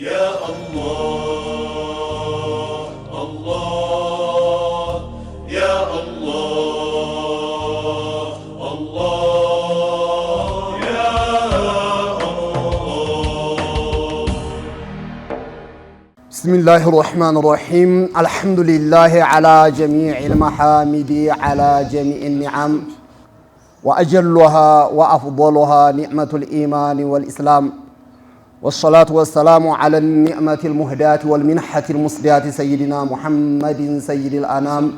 يا الله الله يا الله يا الله بسم الله الرحمن الرحيم الحمد لله على جميع المحامد على جميع النعم وأجلها وأفضلها نعمة الإيمان والإسلام والصلاة والسلام على النعمة المهداة والمنحة المسداة سيدنا محمد سيد الأنام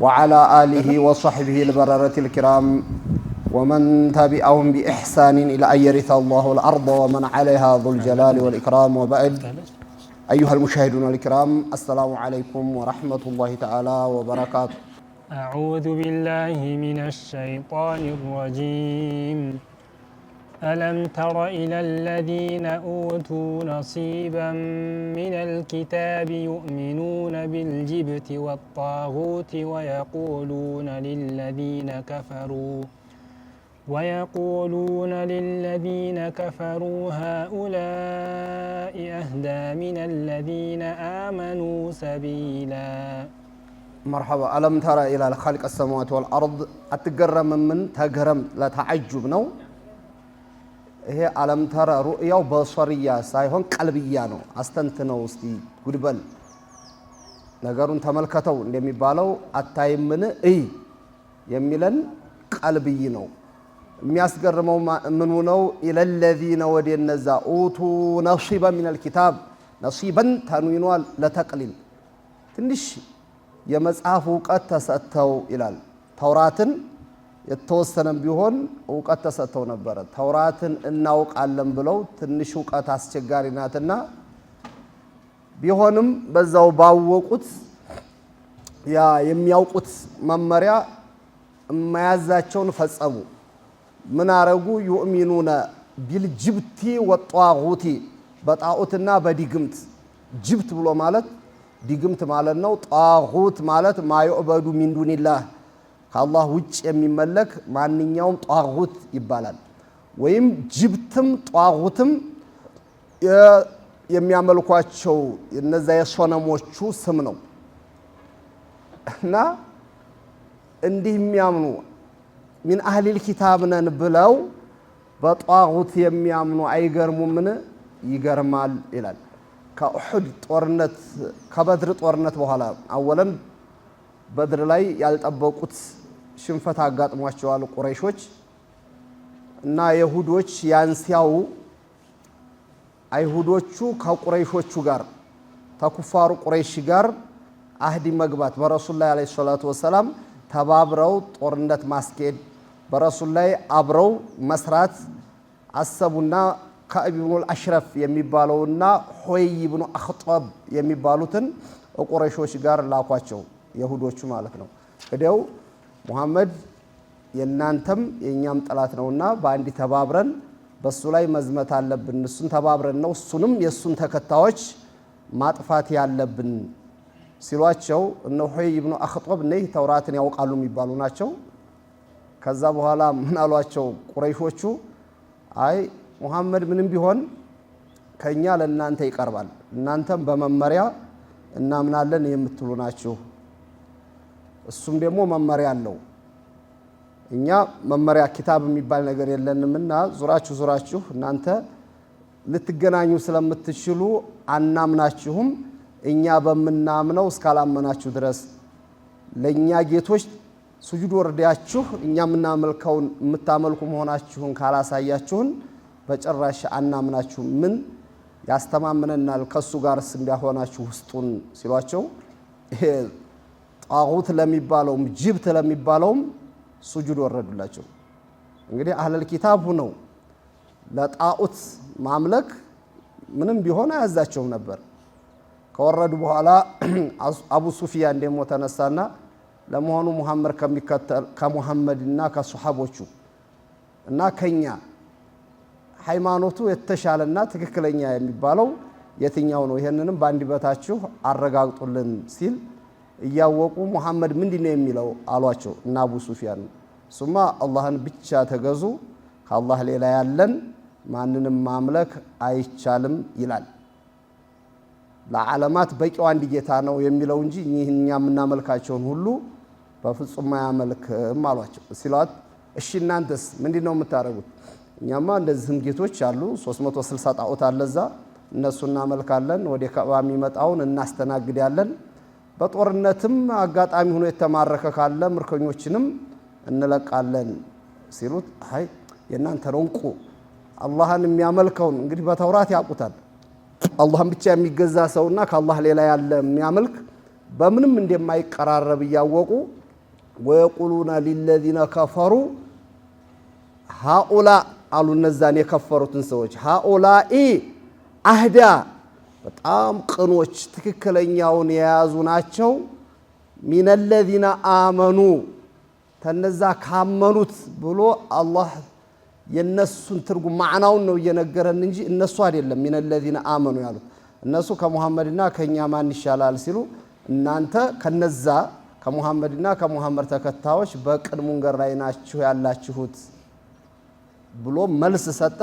وعلى آله وصحبه البررة الكرام ومن تبعهم بإحسان إلى أن يرث الله الأرض ومن عليها ذو الجلال والإكرام وبعد أيها المشاهدون الكرام السلام عليكم ورحمة الله تعالى وبركاته أعوذ بالله من الشيطان الرجيم ألم تر إلى الذين أوتوا نصيبا من الكتاب يؤمنون بالجبت والطاغوت ويقولون للذين كفروا ويقولون للذين كفروا هؤلاء أهدى من الذين آمنوا سبيلا مرحبا ألم ترى إلى خلق السماوات والأرض أتقرم من تقرم لا تعجب نو ይሄ አለምተረ ሩእያው በሶርያ ሳይሆን ቀልብያ ነው። አስተንትነው እስቲ ጉድበል ነገሩን ተመልከተው እንደሚባለው አታይምን እይ የሚለን ቀልብይ ነው። የሚያስገርመው ምኑ ነው? ኢለለዚነ ወደ እነዛ ኡቱ ነሲበ ሚነል ኪታብ ነሲበን ተንዊኗ ለተቅሊል ትንሽ የመጽሐፍ እውቀት ተሰጥተው ይላል ተውራትን የተወሰነም ቢሆን እውቀት ተሰጥተው ነበረ። ተውራትን እናውቃለን ብለው ትንሽ እውቀት አስቸጋሪ ናትና ቢሆንም በዛው ባወቁት ያ የሚያውቁት መመሪያ የማያዛቸውን ፈጸሙ። ምን አረጉ? ዩእሚኑነ ቢልጅብቲ ወጧጉቲ በጣዖትና በዲግምት ጅብት ብሎ ማለት ዲግምት ማለት ነው። ጧጉት ማለት ማዩዕበዱ ሚን ከአላህ ውጭ የሚመለክ ማንኛውም ጧጉት ይባላል። ወይም ጅብትም ጧጉትም የሚያመልኳቸው እነዛ የሶነሞቹ ስም ነው እና እንዲህ የሚያምኑ ሚን አህሊል ኪታብ ነን ብለው በጧጉት የሚያምኑ አይገርሙምን? ይገርማል ይላል። ከኡሑድ ጦርነት ከበድር ጦርነት በኋላ አወለን በድር ላይ ያልጠበቁት ሽንፈት አጋጥሟቸዋል ቁረይሾች እና የሁዶች ያንሲያው አይሁዶቹ ከቁረይሾቹ ጋር ከኩፋሩ ቁረይሽ ጋር አህዲ መግባት በረሱል ላይ ዓለይሂ ሰላቱ ወሰላም ተባብረው ጦርነት ማስኬድ በረሱል ላይ አብረው መስራት አሰቡና ከዕብ ብኑል አሽረፍ የሚባለውና ሆይ ብኑ አክጠብ የሚባሉትን ቁረይሾች ጋር ላኳቸው፣ የሁዶቹ ማለት ነው። ሙሐመድ የእናንተም የእኛም ጠላት ነውና በአንድ ተባብረን በእሱ ላይ መዝመት አለብን። እሱን ተባብረን ነው እሱንም የእሱን ተከታዮች ማጥፋት ያለብን ሲሏቸው እነ ሑይ ብኑ አክጦብ እነህ ተውራትን ያውቃሉ የሚባሉ ናቸው። ከዛ በኋላ ምን አሏቸው ቁረይሾቹ፣ አይ ሙሐመድ ምንም ቢሆን ከእኛ ለእናንተ ይቀርባል፣ እናንተም በመመሪያ እናምናለን የምትሉ ናችሁ እሱም ደግሞ መመሪያ አለው። እኛ መመሪያ ኪታብ የሚባል ነገር የለንምና ዙራችሁ ዙራችሁ እናንተ ልትገናኙ ስለምትችሉ አናምናችሁም። እኛ በምናምነው እስካላመናችሁ ድረስ ለእኛ ጌቶች ስጁድ ወርዳችሁ እኛ የምናመልከውን የምታመልኩ መሆናችሁን ካላሳያችሁን በጭራሽ አናምናችሁ። ምን ያስተማምነናል? ከእሱ ጋርስ እንዲያሆናችሁ ውስጡን ሲሏቸው ጣጉት ለሚባለውም ጅብት ለሚባለውም ሱጁድ ወረዱላቸው። እንግዲህ አህለል ኪታብ ሁነው ለጣዖት ማምለክ ምንም ቢሆን አያዛቸውም ነበር። ከወረዱ በኋላ አቡ ሱፊያን ደግሞ ተነሳና ለመሆኑ ሙሐመድ ከሚከተል ከሙሐመድና ከሱሐቦቹ እና ከኛ ሃይማኖቱ የተሻለና ትክክለኛ የሚባለው የትኛው ነው? ይህንንም በአንድ በታችሁ አረጋግጡልን ሲል እያወቁ ሙሐመድ ምንድን ነው የሚለው አሏቸው። እና አቡ ሱፊያን ሱማ አላህን ብቻ ተገዙ፣ ከአላህ ሌላ ያለን ማንንም ማምለክ አይቻልም ይላል። ለዓለማት በቂው አንድ ጌታ ነው የሚለው እንጂ እኛ የምናመልካቸውን ሁሉ በፍጹም አያመልክም አሏቸው። ሲሏት እሺ እናንተስ ምንድን ነው የምታደርጉት? እኛማ እንደዚህም ጌቶች አሉ 360 ጣዖት አለዛ እነሱ እናመልካለን። ወደ ከዕባ የሚመጣውን እናስተናግዳለን በጦርነትም አጋጣሚ ሆኖ የተማረከ ካለ ምርኮኞችንም እንለቃለን ሲሉት፣ አይ የእናንተ ረንቁ አላህን የሚያመልከውን እንግዲህ በተውራት ያውቁታል። አላህን ብቻ የሚገዛ ሰውና ከአላህ ሌላ ያለ የሚያመልክ በምንም እንደማይቀራረብ እያወቁ ወየቁሉና ሊለዚነ ከፈሩ ሃኡላ አሉ እነዛን የከፈሩትን ሰዎች ሃኡላኢ አህዳ በጣም ቅኖች ትክክለኛውን የያዙ ናቸው። ሚነለዚነ አመኑ ከነዛ ካመኑት ብሎ አላህ የነሱን ትርጉም ማዕናውን ነው እየነገረን እንጂ እነሱ አይደለም። ሚነለዚነ አመኑ ያሉት እነሱ ከሙሐመድና ከእኛ ማን ይሻላል ሲሉ እናንተ ከነዛ ከሙሐመድና ከሙሐመድ ተከታዮች በቅን ላይ ናችሁ ያላችሁት ብሎ መልስ ሰጠ።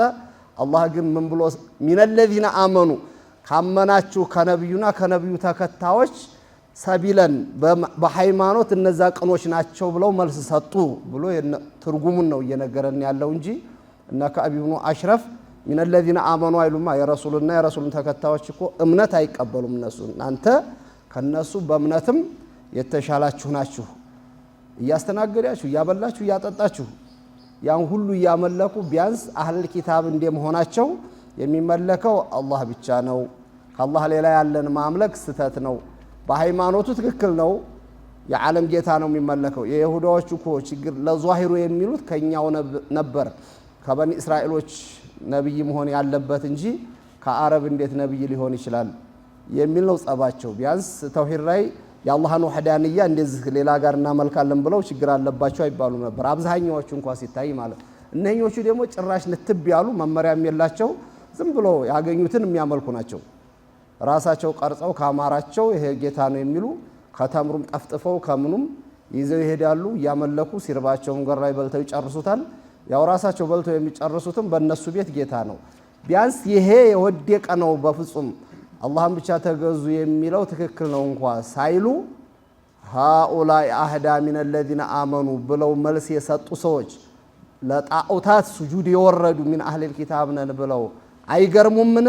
አላህ ግን ምን ብሎ ሚነለዚነ አመኑ ካመናችሁ ከነቢዩና ከነቢዩ ተከታዮች ሰቢለን በሃይማኖት እነዛ ቅኖች ናቸው ብለው መልስ ሰጡ ብሎ ትርጉሙን ነው እየነገረን ያለው እንጂ እነ ከዕብ ብኑ አሽረፍ ሚን ለዚነ አመኑ አይሉማ። የረሱልና የረሱሉን ተከታዮች እኮ እምነት አይቀበሉም እነሱ። እናንተ ከነሱ በእምነትም የተሻላችሁ ናችሁ። እያስተናገዳችሁ፣ እያበላችሁ፣ እያጠጣችሁ ያን ሁሉ እያመለኩ ቢያንስ አህለል ኪታብ እንደመሆናቸው መሆናቸው የሚመለከው አላህ ብቻ ነው። ከአላህ ሌላ ያለን ማምለክ ስተት ነው። በሃይማኖቱ ትክክል ነው። የዓለም ጌታ ነው የሚመለከው። የይሁዳዎቹ እኮ ችግር ለዟሂሩ የሚሉት ከእኛው ነበር ከበኒ እስራኤሎች ነቢይ መሆን ያለበት እንጂ ከአረብ እንዴት ነቢይ ሊሆን ይችላል የሚል ነው ጸባቸው። ቢያንስ ተውሂድ ላይ የአላህን ውሕዳንያ እንደዚህ ሌላ ጋር እናመልካለን ብለው ችግር አለባቸው አይባሉም ነበር አብዛኛዎቹ እንኳ ሲታይ ማለት። እነኞቹ ደግሞ ጭራሽ ንትብ ያሉ መመሪያም የላቸው ዝም ብሎ ያገኙትን የሚያመልኩ ናቸው። ራሳቸው ቀርጸው ካማራቸው ይሄ ጌታ ነው የሚሉ ከተምሩም ጠፍጥፈው ከምኑም ይዘው ይሄዳሉ። እያመለኩ ሲርባቸውም ገር ላይ በልተው ይጨርሱታል። ያው ራሳቸው በልተው የሚጨርሱትም በእነሱ ቤት ጌታ ነው። ቢያንስ ይሄ የወደቀ ነው። በፍጹም አላህን ብቻ ተገዙ የሚለው ትክክል ነው እንኳ ሳይሉ ሃኡላይ አህዳ ሚን ለዚነ አመኑ ብለው መልስ የሰጡ ሰዎች ለጣዖታት ሱጁድ የወረዱ ሚን አህሊል ኪታብ ነን ብለው አይገርሙምን?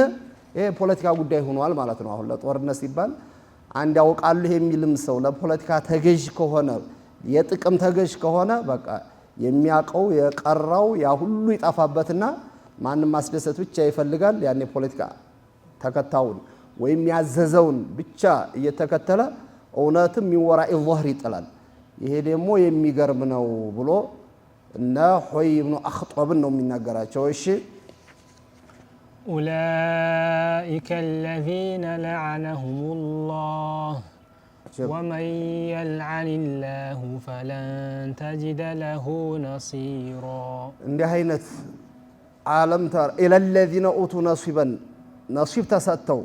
ይሄ ፖለቲካ ጉዳይ ሆኗል ማለት ነው። አሁን ለጦርነት ሲባል አንድ ያውቃሉ የሚልም ሰው ለፖለቲካ ተገዥ ከሆነ የጥቅም ተገዥ ከሆነ በቃ የሚያውቀው የቀራው ያ ሁሉ ይጠፋበትና ማንም ማስደሰት ብቻ ይፈልጋል። ያኔ ፖለቲካ ተከታውን ወይም ያዘዘውን ብቻ እየተከተለ እውነትም ሚወራ ዞህር ይጥላል። ይሄ ደግሞ የሚገርም ነው ብሎ እነ ሆይ ብኑ አክጦብን ነው የሚናገራቸው። እሺ أولئك الذين لعنهم الله ومن يلعن الله فلن تجد له نصيرا እንዲህ አይነት ዓለም إلى الذين أوتوا نصيبا ነሲብ ተሰጥተው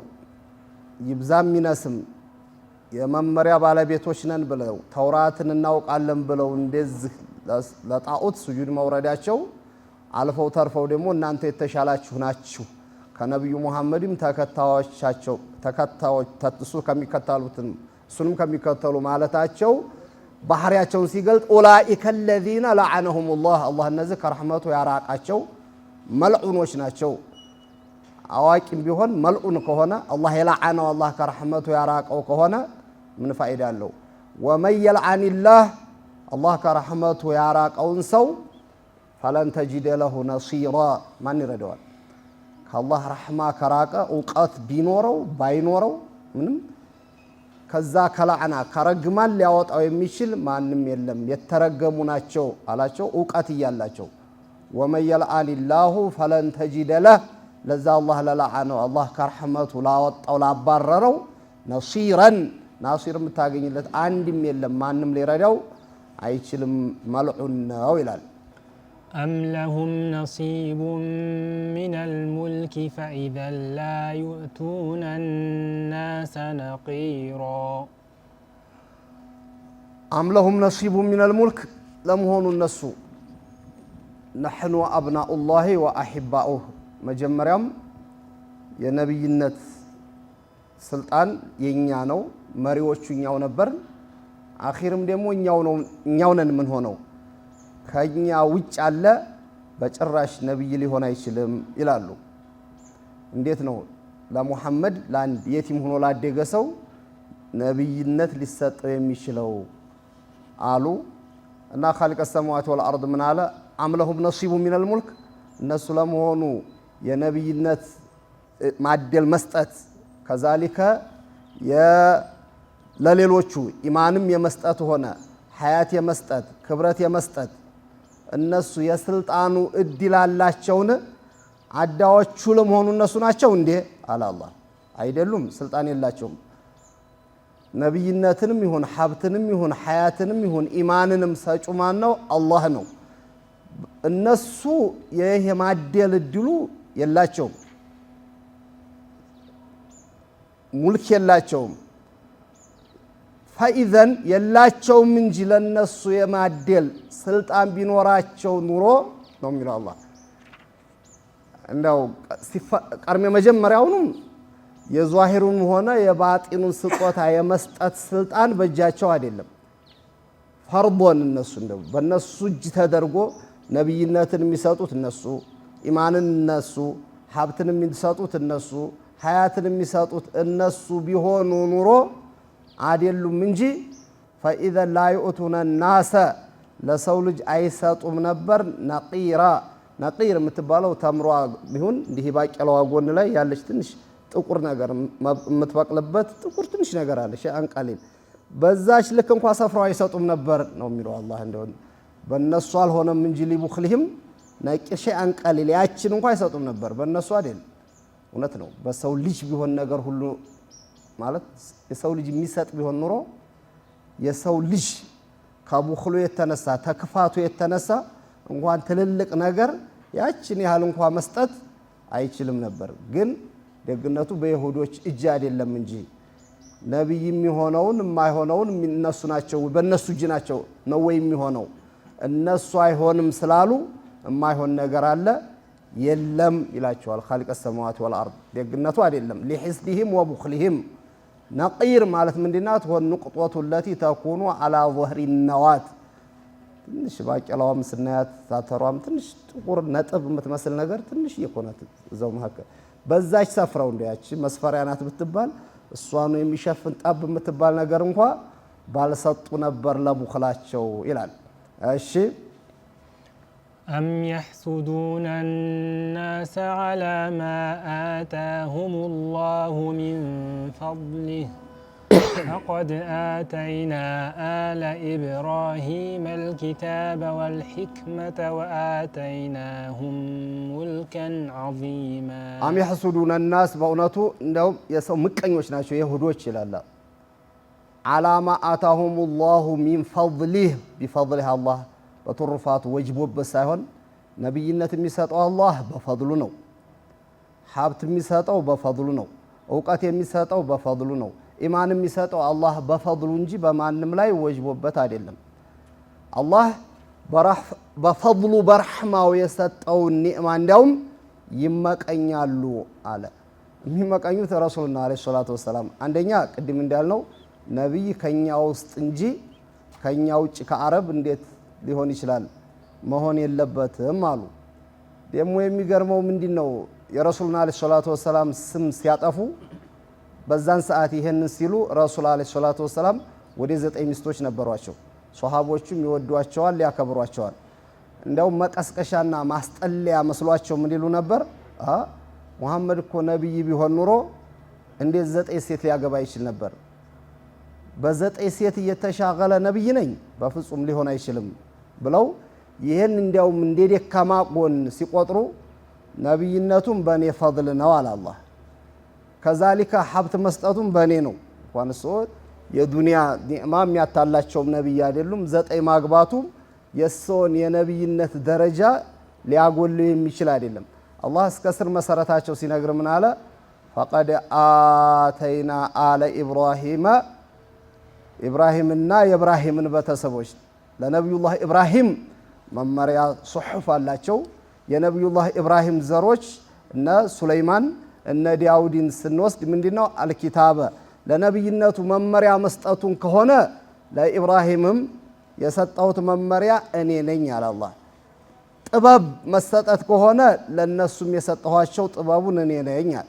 ይብዛም ይነስም የመመሪያ ባለቤቶች ነን ብለው ተውራትን እናውቃለን ብለው እንደዚህ ለጣዖት ስጁድ መውረዳቸው አልፈው ተርፈው ደግሞ እናንተ የተሻላችሁ ናችሁ ከነቢዩ ሙሐመድም ተከታዮቻቸው ተከታዮች ተጥሱ ከሚከተሉትን እሱንም ከሚከተሉ ማለታቸው ባህሪያቸውን ሲገልጥ ኡላኢከ ለዚነ ለዓነሁሙላህ አላህ እነዚህ ከረሕመቱ ያራቃቸው መልዑኖች ናቸው። አዋቂም ቢሆን መልዑን ከሆነ አላህ የላዓነው አላህ ከረሕመቱ ያራቀው ከሆነ ምን ፋይዳ አለው? ወመን የልዓኒላህ አላህ ከረሕመቱ ያራቀውን ሰው ፈለን ተጂደ ለሁ ነሲራ ማን ይረዳዋል? ከአላህ ረሕማ ከራቀ እውቀት ቢኖረው ባይኖረው ምንም ከዛ ከላዕና ከረግማን ሊያወጣው የሚችል ማንም የለም። የተረገሙ ናቸው አላቸው እውቀት እያላቸው። ወመን የልአን ላሁ ፈለን ተጂደ ለህ ለዛ አላህ ለላዓነው አላህ ከረሕመቱ ላወጣው ላባረረው ነሲረን ናሲር የምታገኝለት አንድም የለም። ማንም ሊረዳው አይችልም። መልዑን ነው ይላል። أم لهم نصيب من الملك فإذا لا يؤتون الناس نقيرا أم لهم نصيب من الملك لم هون النسو نحن أبناء الله وأحباؤه መጀመሪያም የነቢይነት ስልጣን የእኛ ነው፣ መሪዎቹ እኛው ነበር። አኺርም ደግሞ እኛው من هونو ከኛ ውጭ አለ በጭራሽ ነቢይ ሊሆን አይችልም ይላሉ። እንዴት ነው ለሙሐመድ ለአንድ የቲም ሆኖ ላደገ ሰው ነቢይነት ሊሰጠው የሚችለው አሉ እና ኻሊቀ ሰማዋት ወልአርድ ምን አለ አምለሁም ነሲቡ ሚነል ሙልክ እነሱ ለመሆኑ የነቢይነት ማደል መስጠት ከዛሊከ ለሌሎቹ ኢማንም የመስጠት ሆነ ሀያት የመስጠት ክብረት የመስጠት እነሱ የስልጣኑ እድል አላቸውን? አዳዎቹ ለመሆኑ እነሱ ናቸው እንዴ? አለ አላህ። አይደሉም፣ ስልጣን የላቸውም። ነቢይነትንም ይሁን ሀብትንም ይሁን ሀያትንም ይሁን ኢማንንም ሰጩ ማን ነው? አላህ ነው። እነሱ ይህ የማደል እድሉ የላቸውም፣ ሙልክ የላቸውም። ፈኢዘን የላቸውም እንጂ ለነሱ የማደል ስልጣን ቢኖራቸው ኑሮ ነው የሚለው አላህ። እንደው ቀድሜ መጀመሪያውኑም የዟሂሩም ሆነ የባጢኑን ስጦታ የመስጠት ስልጣን በእጃቸው አይደለም። ፈርዶን እነሱ እንደው በእነሱ እጅ ተደርጎ ነቢይነትን የሚሰጡት እነሱ፣ ኢማንን እነሱ፣ ሀብትን የሚሰጡት እነሱ፣ ሀያትን የሚሰጡት እነሱ ቢሆኑ ኑሮ አይደሉም እንጂ ፈኢዘን ላ ዩእቱነ ናሰ ለሰው ልጅ አይሰጡም ነበር። ነቂራ ነቂር የምትባለው ተምሯ ቢሆን እንዲህ ባቄላዋ ጎን ላይ ያለች ትንሽ ጥቁር ነገር የምትበቅልበት ጥቁር ትንሽ ነገር አለች አንቃሊል በዛች ልክ እንኳ ሰፍረው አይሰጡም ነበር ነው የሚለው አላህ። እንደሆነ በእነሱ አልሆነም እንጂ ሊቡክልህም ነቂር ሸይአን ቀሊል ያችን እንኳ አይሰጡም ነበር። በእነሱ አይደል፣ እውነት ነው። በሰው ልጅ ቢሆን ነገር ሁሉ ማለት የሰው ልጅ የሚሰጥ ቢሆን ኑሮ የሰው ልጅ ከቡክሉ የተነሳ ተክፋቱ የተነሳ እንኳን ትልልቅ ነገር ያችን ያህል እንኳ መስጠት አይችልም ነበር። ግን ደግነቱ በይሁዶች እጅ አይደለም እንጂ ነቢይ የሚሆነውን የማይሆነውን እነሱ ናቸው፣ በእነሱ እጅ ናቸው ነው ወይ የሚሆነው እነሱ አይሆንም ስላሉ የማይሆን ነገር አለ የለም ይላቸዋል። ካሊቀ ሰማዋት ወልአርድ ደግነቱ አይደለም ሊሕስድህም ወቡክልህም ነቂር ማለት ምንድናት? ሆንቁጦቱ ለቲ ተኩኑ አላ ظህሪ ነዋት ትንሽ ባቄላዋም ስናያት ታተሯም ትንሽ ጥቁር ነጥብ የምትመስል ነገር ትንሽ እየኮነት እዛው መካከል በዛች ሰፍረው እንዲያች መስፈሪያ ናት ብትባል እሷኑ የሚሸፍን ጠብ የምትባል ነገር እንኳ ባልሰጡ ነበር ለቡክላቸው ይላል። እሺ أم يحسدون الناس على ما آتاهم الله من فضله فقد آتينا آل إبراهيم الكتاب والحكمة وآتيناهم ملكا عظيما أم يحسدون الناس بأونته عندهم يسو يوشنا شو يهدوش لالا على ما آتاهم الله من فضله بفضلها الله በትሩፋቱ ወጅቦበት ሳይሆን ነቢይነት የሚሰጠው አላህ በፈድሉ ነው። ሀብት የሚሰጠው በፈድሉ ነው። እውቀት የሚሰጠው በፈድሉ ነው። ኢማን የሚሰጠው አላህ በፈድሉ እንጂ በማንም ላይ ወጅቦበት አይደለም። አላህ በፈድሉ በረሕማው የሰጠውን ኒዕማ እንዲያውም ይመቀኛሉ አለ። የሚመቀኙት ረሱልና ዓለይሂ ሰላቱ ወሰላም አንደኛ ቅድም እንዳልነው ነቢይ ከኛ ውስጥ እንጂ ከኛ ውጭ ከአረብ እንዴት ሊሆን ይችላል፣ መሆን የለበትም አሉ። ደግሞ የሚገርመው ምንድን ነው የረሱሉን አለ ሰላቱ ወሰላም ስም ሲያጠፉ በዛን ሰዓት ይሄንን ሲሉ ረሱል አለ ሰላቱ ወሰላም ወደ ዘጠኝ ሚስቶች ነበሯቸው። ሶሃቦቹም ይወዷቸዋል፣ ያከብሯቸዋል። እንዲያውም መቀስቀሻና ማስጠለያ መስሏቸው ምን ይሉ ነበር? ሙሐመድ እኮ ነቢይ ቢሆን ኑሮ እንዴት ዘጠኝ ሴት ሊያገባ ይችል ነበር? በዘጠኝ ሴት እየተሻገለ ነቢይ ነኝ? በፍጹም ሊሆን አይችልም። ብለው ይህን እንዲያውም እንደ ደካማ ጎን ሲቆጥሩ ነቢይነቱም በእኔ ፈድል ነው አለ አላህ። ከዛሊከ ሀብት መስጠቱም በእኔ ነው። እንኳን እሱ የዱንያ ኒዕማ የሚያታላቸውም ነቢይ አይደሉም። ዘጠኝ ማግባቱም የሰውን የነቢይነት ደረጃ ሊያጎልብ የሚችል አይደለም። አላህ እስከ ስር መሰረታቸው ሲነግር ምን አለ? ፈቀድ አተይና አለ ኢብራሂመ ኢብራሂምና የኢብራሂምን ቤተሰቦች ለነቢዩላህ ኢብራሂም መመሪያ ሱሑፍ አላቸው። የነቢዩላህ ኢብራሂም ዘሮች እነ ሱለይማን እነ ዳውድን ስንወስድ ምንድ ነው አልኪታበ ለነቢይነቱ መመሪያ መስጠቱን ከሆነ ለኢብራሂምም የሰጠሁት መመሪያ እኔ ነኝ አላላ ጥበብ መሰጠት ከሆነ ለእነሱም የሰጠኋቸው ጥበቡን እኔ ነኛል።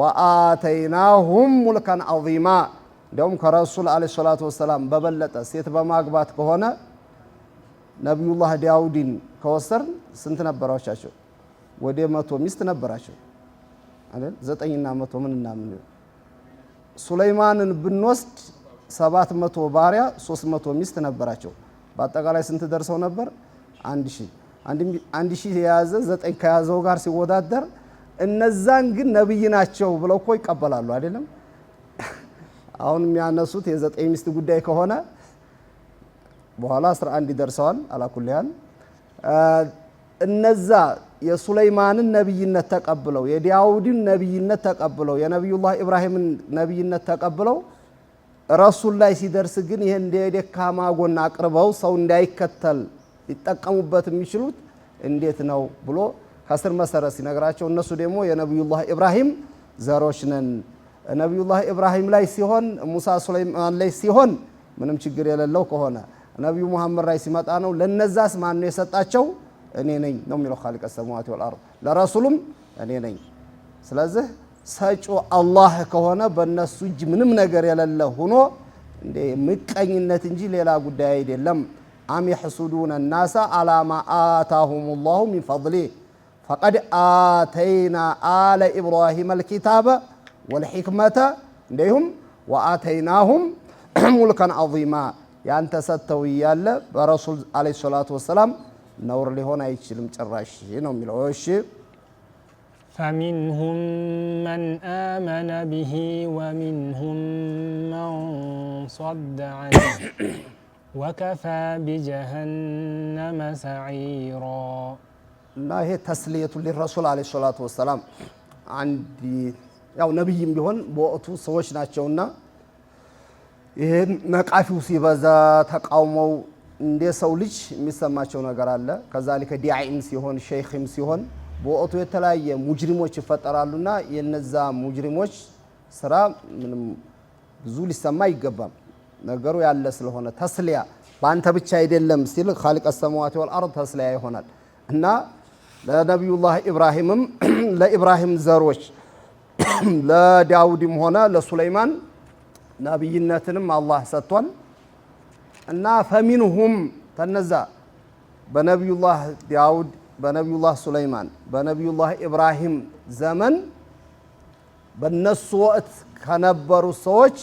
ወአተይናሁም ሙልከን ዐዚማ እንዲሁም ከረሱል አለ ሰላቱ ወሰላም በበለጠ ሴት በማግባት ከሆነ ነቢዩላህ ዳውድን ከወሰርን ስንት ነበራቻቸው? ወደ መቶ ሚስት ነበራቸው አይደል? ዘጠኝና መቶ ምን እና ምን። ሱለይማንን ብንወስድ ሰባት መቶ ባሪያ ሶስት መቶ ሚስት ነበራቸው። በአጠቃላይ ስንት ደርሰው ነበር? አንድ ሺህ አንድ ሺህ የያዘ ዘጠኝ ከያዘው ጋር ሲወዳደር እነዛን ግን ነብይ ናቸው ብለው እኮ ይቀበላሉ አይደለም። አሁን የሚያነሱት የዘጠኝ ሚስት ጉዳይ ከሆነ በኋላ 11 ይደርሰዋል። አላኩልያል እነዛ የሱለይማንን ነቢይነት ተቀብለው የዳውድን ነቢይነት ተቀብለው የነቢዩላህ ኢብራሂምን ነቢይነት ተቀብለው ረሱል ላይ ሲደርስ ግን ይህ እንደ ደካማ ጎን አቅርበው ሰው እንዳይከተል ሊጠቀሙበት የሚችሉት እንዴት ነው ብሎ ከስር መሰረት ሲነግራቸው እነሱ ደግሞ የነቢዩላህ ኢብራሂም ዘሮች ነን ነቢዩላህ ኢብራሂም ላይ ሲሆን ሙሳ ሱለይማን ላይ ሲሆን ምንም ችግር የሌለው ከሆነ ነቢዩ ሙሐመድ ላይ ሲመጣ ነው። ለነዛስ ማን ነው የሰጣቸው? እኔ ነኝ ነው የሚለው ኻሊቀ ሰማዋት ወልአርድ ለረሱሉም እኔ ነኝ። ስለዚህ ሰጩ አላህ ከሆነ በእነሱ እጅ ምንም ነገር የሌለ ሆኖ እንደ ምቀኝነት እንጂ ሌላ ጉዳይ አይደለም። አም የሕሱዱነ ናሳ አላማ አታሁም ላሁ ሚን ፈضሊ ፈቀድ አተይና አለ ኢብራሂም አልኪታበ ወልሕክመተ እንዲሁም ወአተይናሁም ሙልከን ዐظማ ያንተ ሰጥተው እያለ በረሱል አለይሂ ሰላቱ ወሰላም ነውር ሊሆን አይችልም ጭራሽ ነው የሚለው። እሺ ፈሚንሁም መን አመነ ብሂ ወሚንሁም መን ሰደ ዐንሁ ወከፋ ቢጀሀነመ ሰዒራ እና ይሄ ተስልየቱ ሊረሱል አለይሂ ሰላቱ ወሰላም አንድ ያው ነብይም ቢሆን በወቅቱ ሰዎች ናቸውና ይህም ነቃፊው ሲበዛ ተቃውሞው እንደ ሰው ልጅ የሚሰማቸው ነገር አለ። ከዛሊከ ዲዓኢም ሲሆን ሸይኽም ሲሆን በወቅቱ የተለያየ ሙጅሪሞች ይፈጠራሉና የነዛ ሙጅሪሞች ስራ ምንም ብዙ ሊሰማ አይገባም። ነገሩ ያለ ስለሆነ ተስሊያ በአንተ ብቻ አይደለም ሲል ካሊቀ ሰማዋት ወልአርድ ተስሊያ ይሆናል እና ለነቢዩላህ ኢብራሂምም ለኢብራሂም ዘሮች ለዳውድም ሆነ ለሱለይማን ነቢይነትንም አላህ ሰጥቷል እና ፈሚንሁም ተነዛ በነቢዩላህ ዳውድ በነቢዩላህ ሱለይማን በነቢዩላህ ኢብራሂም ዘመን በነሱ ወቅት ከነበሩ ሰዎች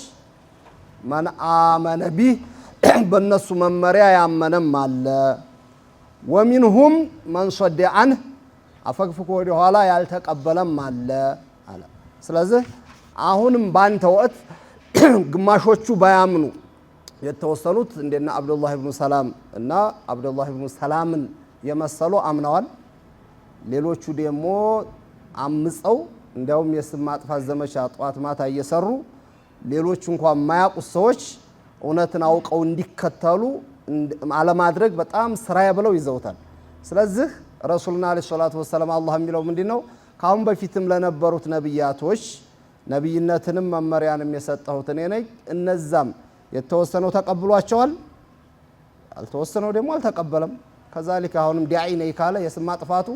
መን አመነ ቢህ በእነሱ መመሪያ ያመነም አለ። ወሚንሁም መን ሶደ አንህ አፈግፍጎ ወደኋላ ያልተቀበለም አለ አለ። ስለዚህ አሁንም ባንተ ወቅት ግማሾቹ ባያምኑ የተወሰኑት እንደና አብዱላህ ብኑ ሰላም እና አብዱላህ ብኑ ሰላምን የመሰሉ አምነዋል። ሌሎቹ ደግሞ አምፀው እንዲያውም የስም ማጥፋት ዘመቻ ጠዋት ማታ እየሰሩ ሌሎቹ እንኳን የማያውቁት ሰዎች እውነትን አውቀው እንዲከተሉ አለማድረግ በጣም ስራ ብለው ይዘውታል። ስለዚህ ረሱልና ዓለይሂ ሰላቱ ወሰላም አላህ የሚለው ምንድን ነው? ከአሁን በፊትም ለነበሩት ነቢያቶች ነቢይነትንም መመሪያንም የሰጠሁት እኔ ነኝ። እነዛም የተወሰነው ተቀብሏቸዋል፣ ያልተወሰነው ደግሞ አልተቀበለም። ከዛሊክ አሁንም ዳዒ ነኝ ካለ የስም ማጥፋቱ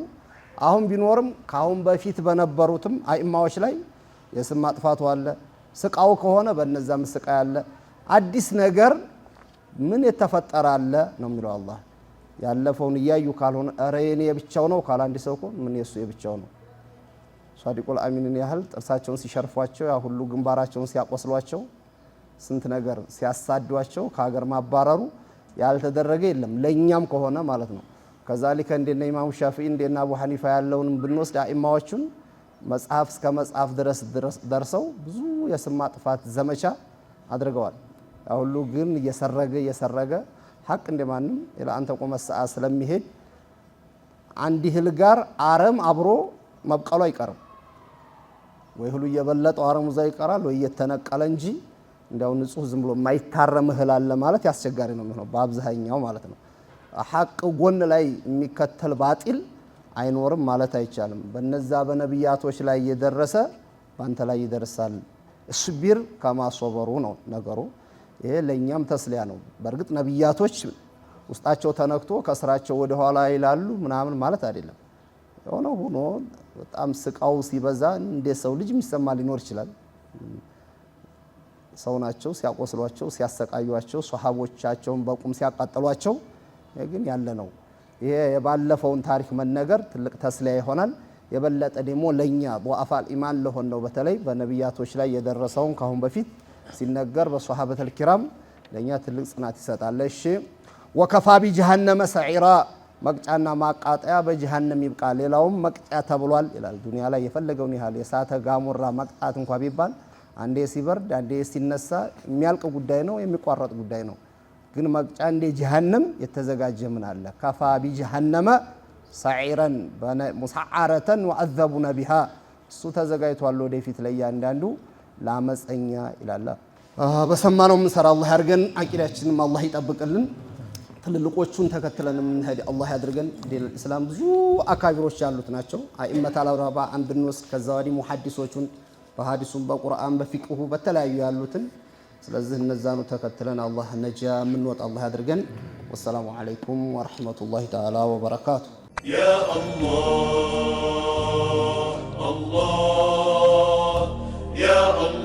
አሁን ቢኖርም ከአሁን በፊት በነበሩትም አይማዎች ላይ የስም ማጥፋቱ አለ። ስቃው ከሆነ በነዛም ስቃ ያለ አዲስ ነገር ምን የተፈጠረ አለ ነው የሚለው አላህ። ያለፈውን እያዩ ካልሆነ ኧረ የኔ የብቻው ነው ካለ አንድ ሰው እኮ ምን የሱ የብቻው ነው ሷዲቁል አሚንን ያህል ጥርሳቸውን ሲሸርፏቸው ያ ሁሉ ግንባራቸውን ሲያቆስሏቸው ስንት ነገር ሲያሳዷቸው ከሀገር ማባረሩ ያልተደረገ የለም ለእኛም ከሆነ ማለት ነው። ከዛሊከ እንደነ ኢማሙ ሻፊዒ እንደነ አቡ ሐኒፋ ያለውንም ብንወስድ አኢማዎቹን መጽሐፍ እስከ መጽሐፍ ድረስ ደርሰው ብዙ የስም ማጥፋት ዘመቻ አድርገዋል። ያ ሁሉ ግን እየሰረገ እየሰረገ ሀቅ እንደማንም ኢላ አንተ ቆመ ሰዓት ስለሚሄድ አንድ እህል ጋር አረም አብሮ መብቀሉ አይቀርም። ወይ እህሉ እየበለጠው አረሙዛ ይቀራል ወይ እየተነቀለ እንጂ እንዲያው ንጹህ ዝም ብሎ የማይታረም እህል አለ ማለት ያስቸጋሪ ነው የሚሆነው በአብዛኛው ማለት ነው። ሐቅ ጎን ላይ የሚከተል ባጢል አይኖርም ማለት አይቻልም። በነዛ በነቢያቶች ላይ እየደረሰ በአንተ ላይ ይደርሳል። እሱቢር ከማሶበሩ ነው ነገሩ። ይሄ ለእኛም ተስሊያ ነው። በእርግጥ ነቢያቶች ውስጣቸው ተነክቶ ከስራቸው ወደኋላ ይላሉ ምናምን ማለት አይደለም። የሆነ ሆኖ በጣም ስቃው ሲበዛ እንደ ሰው ልጅ የሚሰማ ሊኖር ይችላል። ሰው ናቸው። ሲያቆስሏቸው፣ ሲያሰቃዩቸው፣ ሰሃቦቻቸውን በቁም ሲያቃጠሏቸው ግን ያለ ነው። ይሄ የባለፈውን ታሪክ መነገር ትልቅ ተስሊያ ይሆናል። የበለጠ ደግሞ ለእኛ በአፋል ኢማን ለሆን ነው። በተለይ በነቢያቶች ላይ የደረሰውን ካሁን በፊት ሲነገር በሶሃበተል ኪራም ለእኛ ትልቅ ጽናት ይሰጣል። እሺ ወከፋ ቢጀሃነመ ሰዒራ መቅጫና ማቃጠያ በጀሃነም ይብቃ፣ ሌላውም መቅጫ ተብሏል ይላል። ዱንያ ላይ የፈለገውን ያህል የእሳተ ጋሞራ መቅጣት እንኳ ቢባል አንዴ ሲበርድ አንዴ ሲነሳ የሚያልቅ ጉዳይ ነው፣ የሚቋረጥ ጉዳይ ነው። ግን መቅጫ እንደ ጀሃነም የተዘጋጀ ምን አለ? ከፋ ቢጀሃነመ ሰዒረን ሙሰዓረተን ወአዘቡነ ቢሃ እሱ ተዘጋጅቷል ወደፊት ላይ እያንዳንዱ ለአመፀኛ ይላል። በሰማነው የምንሰራ አላህ ያድርገን። አቂዳችንም አላህ ይጠብቅልን። ትልልቆቹን ተከትለን የምንሄድ አላህ ያድርገን። ዲን እስላም ብዙ አካቢሮች ያሉት ናቸው። አኢመት አልአርባ አንድንወስድ ከዛ ወዲህ ሙሐዲሶቹን በሀዲሱን በቁርአን በፊቅሁ በተለያዩ ያሉትን ስለዚህ እነዛኑ ተከትለን አላህ ነጃ የምንወጣ አላህ ያድርገን። ወሰላሙ አለይኩም ወረሕመቱላሂ ተዓላ ወበረካቱ። ያ አላህ